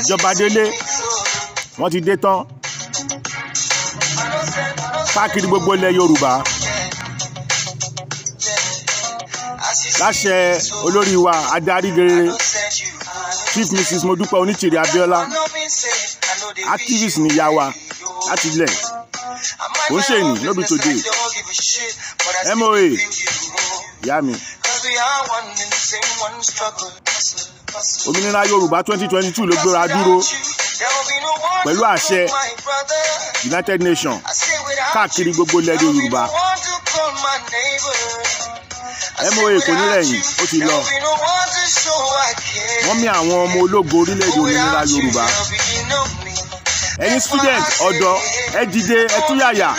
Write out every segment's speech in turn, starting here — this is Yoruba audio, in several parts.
ìjọba délé wọ́n ti dé tán káàkiri gbogbo ilẹ̀ yorùbá láṣẹ olórí wa adarí gerere chief mrs modúpẹ́ oníṣìírí abiola. activist níyà wa láti ilẹ̀ kò ń ṣe lóbi tòde moa ìyá mi òmìnira yorùbá 2022 ló gbéra dúró pẹ̀lú àṣẹ united nations káàkiri gbogbo lẹ́dọ̀ yorùbá moa kò ní rẹ̀yìn ó ti lọ wọ́n mì àwọn ọmọ ológo orílẹ̀-èdè òmìnira yorùbá ẹ̀yin student ọ̀dọ́ ẹ dìde ẹ túyàyà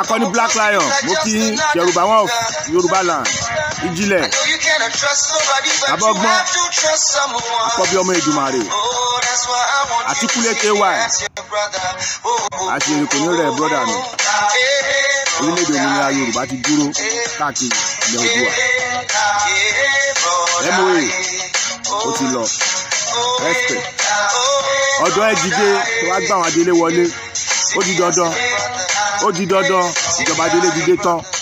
akọni black lion mo kí yorùbá wọn ò yorùbá land ìjìnlẹ̀ abọ́gbọ́n akọbí ọmọ Èdùmàrè àtikúlé ky àṣeyọrí kò ní rẹ̀ brọ́dà mi orílẹ̀-èdè òmìnira yorùbá ti dúró káàkiri ilẹ̀ Oòduà moa ó ti lọ respect ọ̀dọ́ ẹ̀ dìde tó wá gbà wọn adélé wọlé ó di dandan ó di dandan ìjọba délé ti dé tán.